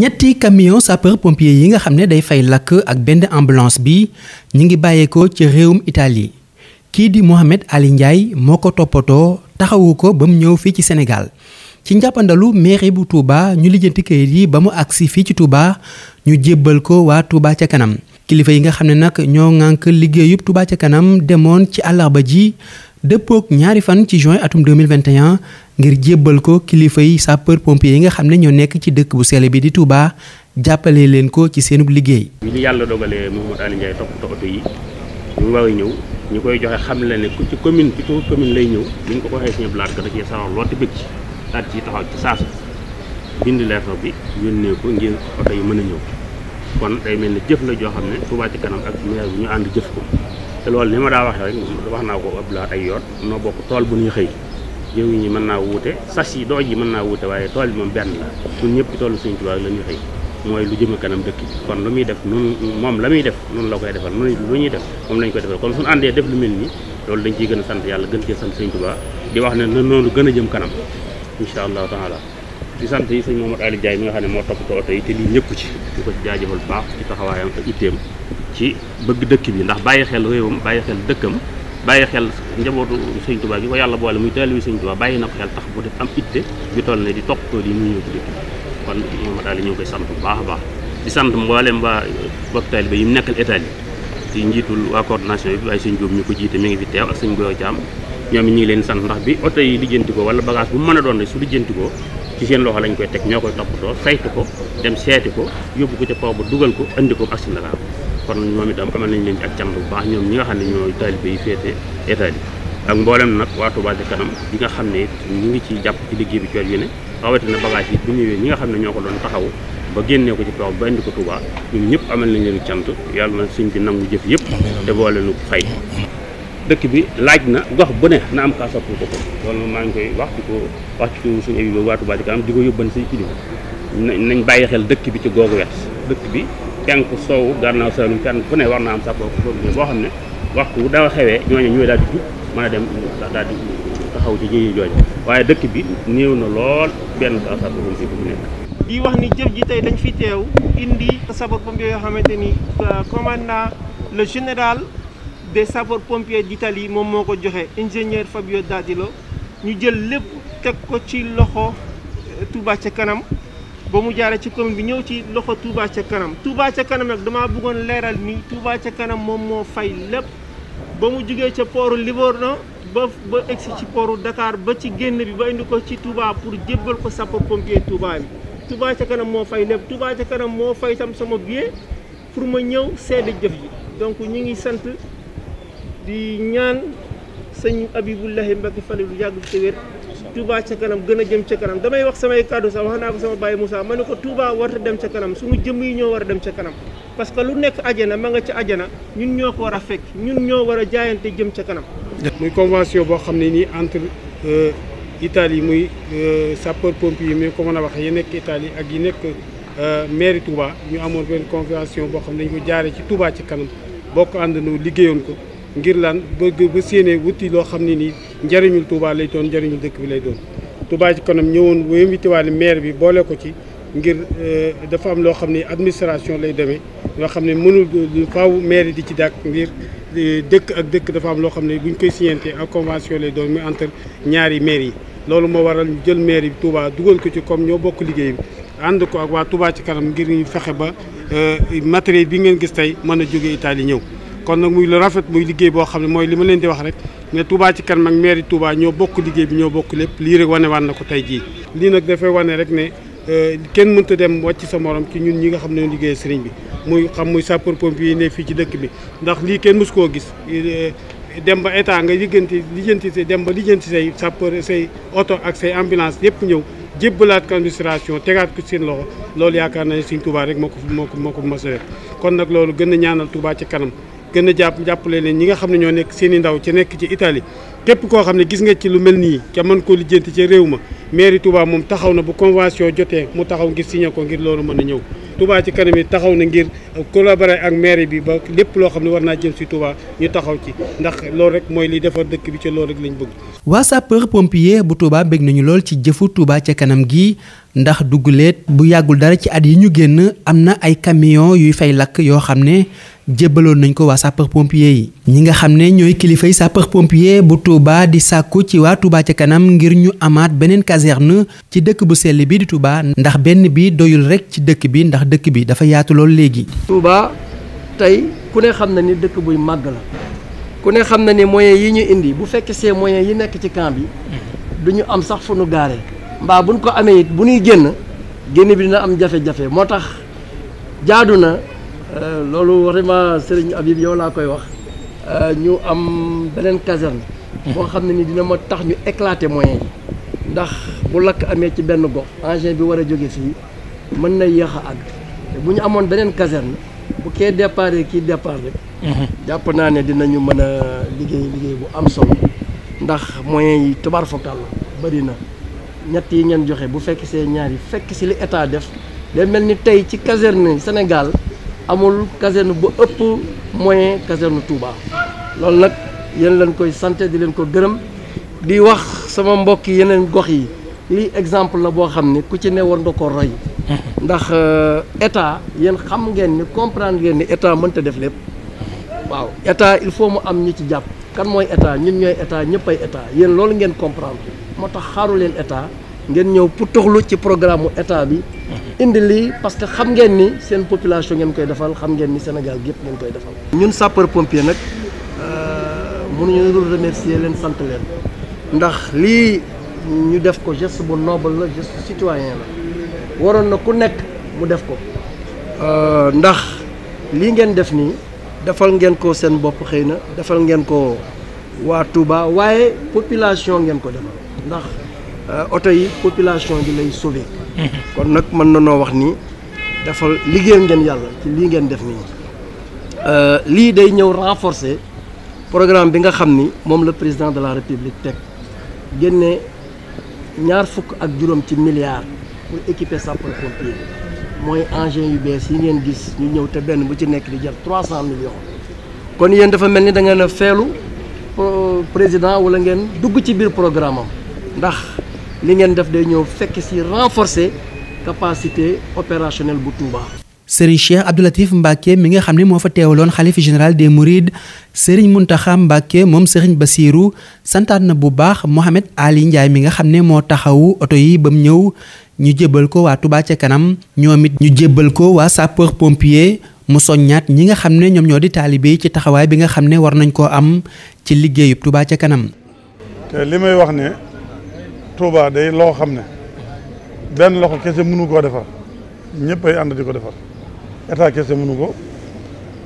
ñetti camion sapeur pompier yi nga xam ne day fay lakk ak benn ambulance bi ñu ngi bàyyeekoo ca réewum itali kii di Mohamed Ali Ndiaye moo ko toppatoo taxawu ko ba mu ñëw fii ci Sénégal ci njàppandalu mairie bu Touba ñu lijjanti kayit yi ba mu agsi fii ci Touba ñu jébbal ko waa Touba ca kanam kilifa yi nga xam ne nag ñoo ŋànk liggéeyub tubaa ci kanam demoon ci ba ji dëppook ñaari fan ci juin atum 2021 ngir jébbal ko kilifa yi sapeur pompier yi nga xam ne ñoo nekk ci dëkk bu sell bi di Touba jàppale leen ko ci seenub liggéey. bi ñu yàlla dogalee Mouhamadou Aliou Ndiaye toppatoo oto yi ñu war a ñëw ñu koy joxe xam la ne ku ci commune ci ko lay ñëw ni ñu ko ko waxee suñu blaat ko da sawar lool te ci daal ci taxaw ci saas bind lettre bi yónnee a ñëw. kon day mel na jëf la joo xam ne Touba ci kanam ak maire bi ñu ànd jëf ko te loolu ni ma daa waxee rek wax naa ko Abdoulaye ay yoon noo bokk tool bu ñuy xëy jëw ñi mën naa wute sas yi doo yi mën naa wuute waaye tool bi moom benn la ñun ñëpp tollu toolu Sëñ Touba la ñuy xëy mooy lu jëm kanam dëkk bi kon lu muy def nun moom la muy def noonu la koy defal noonu lu ñuy def moom la ñu koy defal kon suñu àndee def lu mel nii loolu dañ ciy gën a sant yàlla gën cee sant Sëñ Touba di wax ne na noonu gën a jëm kanam incha allahu taala di sant yi sëñ Mamadou Aliou jaay mi nga xam ne moo toppatoo oto yi te lii ñëpp ci di ko jaajëfal baax ci taxawaayam ak itteem ci bëgg dëkk bi ndax bàyyi xel réewam bàyyi xel dëkkam bàyyi xel njabootu sëñ Tuubaa gi ko yàlla boole muy teel wi sëñ bàyyi na ko xel tax bu def am itte ju toll ne di toppatoo lii muy ñëw ci dëkk bi kon Mamadou Aliou ñu ngi koy sant bu baax a baax di sant mboolem waa bokk taalibe yi mu nekkal état yi ci njiitul waa coordination bi waaye sëñ Jóob ñu ko jiite mi ngi fi teew ak sëñ Boyo Caam ñoom ñi leen sant ndax bi oto yi ko wala bagage bu mën a doon rek su lijjanti ci seen loxo lañ koy teg ñoo koy toppatoo saytu ko dem seeti ko yóbbu ko ca kaw ba dugal ko indi ko ak suñu kon ñoom itam amal nañ leen ak cant bu baax ñoom ñi nga xam ne ñooy taalibe yi féete état bi ak mboolem nag waa Touba ca kanam bi nga xam ne ñu ngi ciy jàpp ci liggéey bi coot yu ne rawatina bagage yi bu ñëwee ñi nga xam ne ñoo ko doon taxaw ba génnee ko ci toog ba indi ko Touba ñun ñëpp amal nañ leen cant yàlla na suñ bi nangu jëf yëpp te boole nu fay dëkk bi laaj na gox bu ne na am kaa soppal ko ko loolu maa ngi koy wax di ko wax ci ko suñu émission waatu Touba Ca Kanam di ko yóbban si kilifa nañ bàyyi xel dëkk bi ci googu wet dëkk bi penku soowu gànnaaw saalum kenn ku ne war naa am sàppal ko boo xam ne waxtu bu daaw xewee ñooñu ñooy daal di jub mën a dem daal di taxaw ci jëye jooju waaye dëkk bi néew na lool benn kaa soppal ko bu nekk di wax ni jëf ji tey dañ fi teew indi sabab bam yoo xamante ni euh, commandant le général des sapeurs-pompiers d'Italie moom moo ko joxe ingénieur Fabio Dadilo ñu jël lépp teg ko ci loxo euh, Touba ca kanam ba mu jaaree ci commune bi ñëw ci loxo Touba ca kanam Touba ca kanam damaa bëggoon leeral ni Touba ca kanam moom moo fay lépp ba mu jugee ca pooru Livorno ba ba egsi ci pooru Dakar ba ci génn bi ba indi ko ci Touba pour jébbal ko sapeurs-pompiers Touba bi Touba ca kanam moo fay lépp Touba ca kanam moo fay tam sama billet pour ma ñëw seede jëf ji donc ñu ngi sant di ñaan sëñ Abibullahi Mbacke Fallou lu yàgg te wér Touba ca kanam gën a jëm ca kanam damay wax samay kàddu sax wax naa ko sama baay Moussa ma ne ko Touba war a dem ca kanam suñu jëm yi ñoo a dem ca kanam parce que lu nekk ajana ma nga ca ajana ñun ñoo ko war a fekk ñun ñoo war a jaayante jëm ca kanam muy convention boo xam ne nii entre euh, Italie muy euh, sapeur yi mais ko mën a wax yi nekk Italie ak yi nekk euh, mairie Touba ñu amoon benn convention boo xam ne dañu ko jaaree ci Touba ci kanam bokk ànd àndandoo liggéeyoon ko ngir lan bëgg ba séenee wuti loo xam ne nii njëriñul Touba lay doon njëriñul dëkk bi lay doon Touba ci kanam ñëwoon bu invité waale maire bi boole ko ci ngir euh, dafa am loo xam ne administration lay demee loo xam ne mënul faaw maire di ci dàkk ngir dëkk ak dëkk dafa am loo xam ne bu buñ koy signante ak convention lay doon muy entre ñaari maire yi loolu moo waral ñu jël maire bi Touba dugal ko ci comme ñoo bokk liggéey bi ànd ko ak waa Touba ci kanam ngir ñu fexe ba euh, matériel bi ngeen gis tey mën a jóge Italie ñëw kon nag muy lu rafet muy liggéey boo xam ne mooy li ma leen di wax rek ne Touba ci kanam ak mairie Touba ñoo bokk liggéey bi ñoo bokk lépp lii rek wane waan na ko tey jii lii nag dafay wane rek ne euh, kenn mënta dem wàcc sa morom ci ñun ñi nga xam ne ñoo liggéey sëriñ bi muy xam muy sapeur pompier yi ne fii ci dëkk bi ndax lii kenn mës koo gis euh, dem ba nga liggéenti lijjanti say dem ba say sapeur say oto ak say ambulance yëpp ñëw jébbalaat ko administration tegaat ko seen loxo loolu yaakaar nañu Sëriñ rek moo ko moo ko moo ko kon nag loolu gën a ñaanal Touba ci kanam gën a jàpp jàppale leen ñi nga xam ne ñoo nekk seeni i ndaw ci nekk ci Italie képp koo xam ne gis nga ci lu mel nii ca mën koo lijjanti ca réew ma mairie Touba moom taxaw na bu convention jotee mu taxaw ngir signé ko ngir loolu mën a ñëw Touba ci kanam yi taxaw na ngir collaborer ak mairie bi ba lépp loo xam ne war naa jëm si Touba ñu taxaw ci ndax loolu rek mooy li defar dëkk bi ci loolu rek lañ bëgg. waa sapeur pompier bu Touba bég nañu lool ci jëfu Touba ca kanam gi. ndax dugguleet bu yàggul dara ci at yi ñu génn am na ay camion yuy fay lakk yoo xam ne jébbaloon nañ ko waa sapeur pompier yi ñi nga xam ne ñooy kilifay sapeur pompier bu Touba di sàkku ci waa Touba ca kanam ngir ñu amaat beneen caserne ci dëkk bu sell bi di Touba ndax benn bi doyul rek ci dëkk bi ndax dëkk bi dafa yaatu lool léegi. Touba tey ku ne xam na ni dëkk buy màgg la ku ne xam na ni moyens yi ñu indi bu fekkee see moyens yi nekk ci camp bi am sax fu mbaa buñ ko amee it bu ñuy génn génn bi dina am jafe-jafe moo tax jaadu na euh, loolu vraiment Serigne Habib yow laa koy wax euh, ñu am beneen caserne. moo xam ne ni dina ma tax ñu éclater moyen yi ndax bu lakk amee ci benn gox engin bi war a jóge fii mën na yéex a àgg te bu ñu amoon beneen caserne bu kee départ kii départ rek. Mhm. jàpp naa ne dinañu mën a liggéey liggéey bu am solo ndax moyen yi tubaar fokkal la bëri na. ñett yi ngeen joxe bu fekk see ñaari fekk si li état def day mel ni tey ci caserne Sénégal amul caserne bu ëpp moyen caserne Touba loolu nag yéen leen koy sant di leen ko gërëm di wax sama mbokk yeneen gox yi lii exemple la boo xam ne ku ci ne war nga ko roy ndax euh, état yéen xam ngeen ni comprendre ngeen ni état mënta def lépp waaw état il faut mu am ñu ci jàpp kan mooy état ñun ñooy état ñëpp ay état yéen loolu ngeen comprendre moo tax xaaru leen état ngeen ñëw pour toxlu ci programme mu état bi indi lii parce que xam ngeen ni seen population ngeen koy defal xam ngeen ni senegal gi yëpp ngeen koy defal. ñun sapeur pompier nag euh, mënuñu dul leen sant leen ndax lii ñu def ko geste bu noble la geste waroon na ku nekk mu def ko euh, ndax lii ngeen def nii defal ngeen ko seen bopp xëy na defal ngeen ko. waa Touba waaye population ngeen ko defal ndax euh, oto yi population bi lay sauver. Mhm. kon nag mën na noo wax ni defal liggéeyal ngeen yàlla ci lii ngeen def nii euh, lii day ñëw renforcer programme bi nga xam ni moom la président de la république teg génne ñaar fukk ak juróom ci milliards pour équiper sapeur pompier mooy engins yu bees yi ngeen gis ñu ñëw te benn bu ci nekk di jar trois cent millions kon yéen dafa mel ni da ngeen feelu président wala ngeen dugg ci biir programme ndax li ngeen def day ñëw fekk si renforcer capacité opérationnelle bu Touba. Serigne Cheikh Abdou Latif Mbacke mi nga xam ne moo fa teewaloon xalifa général des Mourides Serigne Mountakha Mbacke moom Serigne Bassirou santaat na bu baax Mohamed Ali Ndiaye mi nga xam ne moo taxawu oto yi ba mu ñëw ñu jébbal ko waa Touba ca kanam ñoom it ñu jébbal ko waa sapeur pompier. mu soññaat ñi nga xam ne ñoom ñoo di taalibe yi ci taxawaay bi nga xam ne war nañ koo am ci liggéeyub tubaa ca kanam. te li may wax ne Touba day loo xam ne benn loxo kese mënu koo defar ñëpp ay ànd di ko defar état kese mënu ko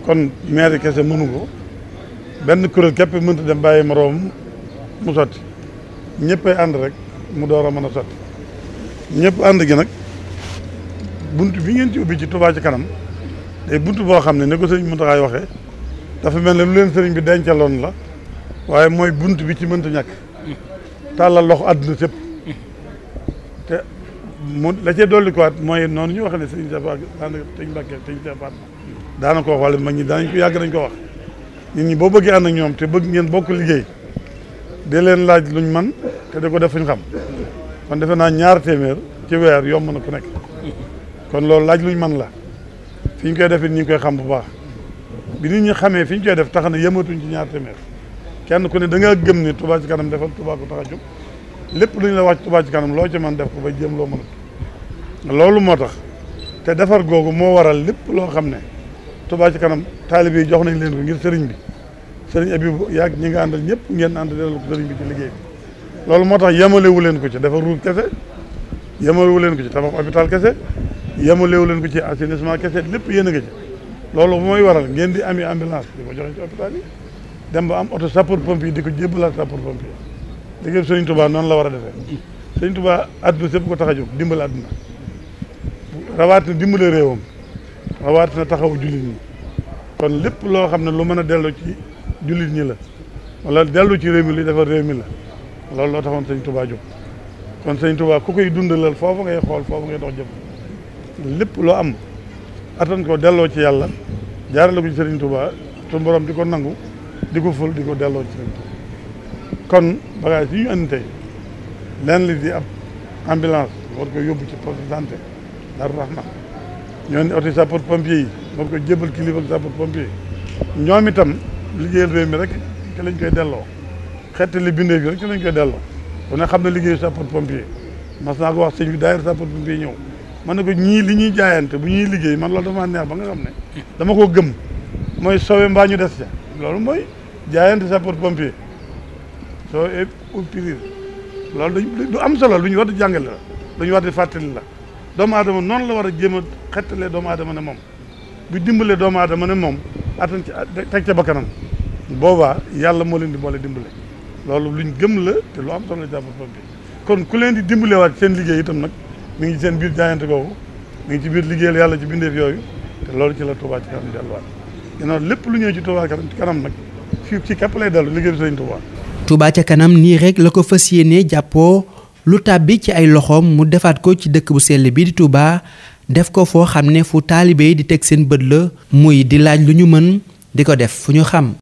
kon maire kese mënu ko benn kuréel képp mënta dem bàyyi moroom mu sotti ñëpp ay ànd rek mu door a mën a sotti ñëpp ànd gi nag bunt bi ngeen ci ubbi ci Touba ci kanam. day bunt boo xam ne ni ko sëriñ taxaay waxe dafa mel ne lu leen sëriñ bi dencaloon la waaye mooy bunt bi ci mënta ñàkk tàllal loxo àdduna sépp te mu la cee dolli ko at mooy noonu ñu wax ne sëriñ Safa daanaka sëriñ Mbàkke sëriñ Safa daana ko wax wala mag ñi daanañ ko yàgg nañ ko wax nit ñi boo bëggee ànd ak ñoom te bëgg ngeen bokk liggéey di leen laaj luñ man te di ko def fuñ xam kon defe naa ñaar téeméer ci weer yomb na ko nekk kon loolu laaj luñ man la fi ñu koy defee ñu koy xam bu baax bi nit ñi xamee fi ñu koy def tax na yëmatuñ ci ñaar téeméer kenn ku ne da ngaa gëm ne Touba ci kanam defal Touba ko tax lépp lu ñu la wàcc Touba ci loo ci def ko ba jéem loo mënut loolu moo tax te defar googu moo waral lépp loo xam ne Touba ci kanam taalibe yi jox nañ leen ko ngir sëriñ bi sëriñ Abibu yaag ñi nga àndal ñëpp ngeen ànd delloo ko sëriñ bi ci liggéey bi loolu moo tax yemalewu leen ko ci dafa ruur kese yemalewu leen ko ci tabax hôpital kese yemulewu leen ko ci assainissement kese lépp yéen a nga ci loolu mooy waral ngeen di ami ambulance di ko joxe ci hôpital yi dem ba am oto sapeur pompier di ko jébbalaat sapeur pompier liggéey Sëriñ Tuubaa noonu la war a defee Sëriñ Tuubaa àdduna sépp ko tax a jóg dimbal àdduna rawaat na dimbale réewam rawaat na taxaw jullit ñi kon lépp loo xam ne lu mën a dellu ci jullit ñi la wala dellu ci réew mi li dafa réew mi la loolu loo taxoon Sëriñ Tuubaa jóg kon Sëriñ Tuubaa ku koy dundalal foofu ngay xool foofu ngay dox jëm lépp loo am attan ko delloo ci yàlla jaarale ko ci Serigne Touba te di ko nangu di ko ful di ko delloo ci Serigne Touba kon bagage yi ñu andi tey leen li di ab ambulance war ko yóbbu ci poste de santé Darou Rahman ñoo andi oto sapeur pompier yi war ko jébal kilifa ak sapeur pompier yi ñoom itam liggéeyal réew mi rek ci lañ koy delloo li bindee bi rek ci lañ koy delloo ku ne xam ne liggéeyu sapeur pompier mas naa ko wax sëñ bi daayira sapeur pompier ñëw man ne ko ñii li ñuy jaayante bu ñuy liggéey man loolu dafa ba nga xam ne dama ko gëm mooy sowe mbaa ñu des ca loolu mooy jaayante sapeur pompier soo opérir e loolu dañ du am solo lu ñu war di jàngale la lu ñu di fàttali la doomu aadama noonu la war a jéem a xettalee doomu aadama ne moom bu dimbalee doomu aadama ne moom attan ci teg ba kanam boobaa yàlla moo leen di boole dimbale loolu luñ gëm la te lu am solo la sapeur pompier kon ku leen di dimbalewaat seen liggéey itam nag mi ngi ci seen biir jaayante googu mi ngi ci biir liggéeyal yàlla ci bindeef yooyu te loolu ci la Touba ci kanam lépp lu ñëw ci Touba ci kanam nag fii ci képp lay dellu bi sëñ Touba. Touba ca kanam nii rek la ko fas yéenee jàppoo lu tàbbi ci ay loxoom mu defaat ko ci dëkk bu sell bi di Touba def ko foo xam ne fu taalibe yi di teg seen bët la muy di laaj lu ñu mën di ko def fu ñu xam.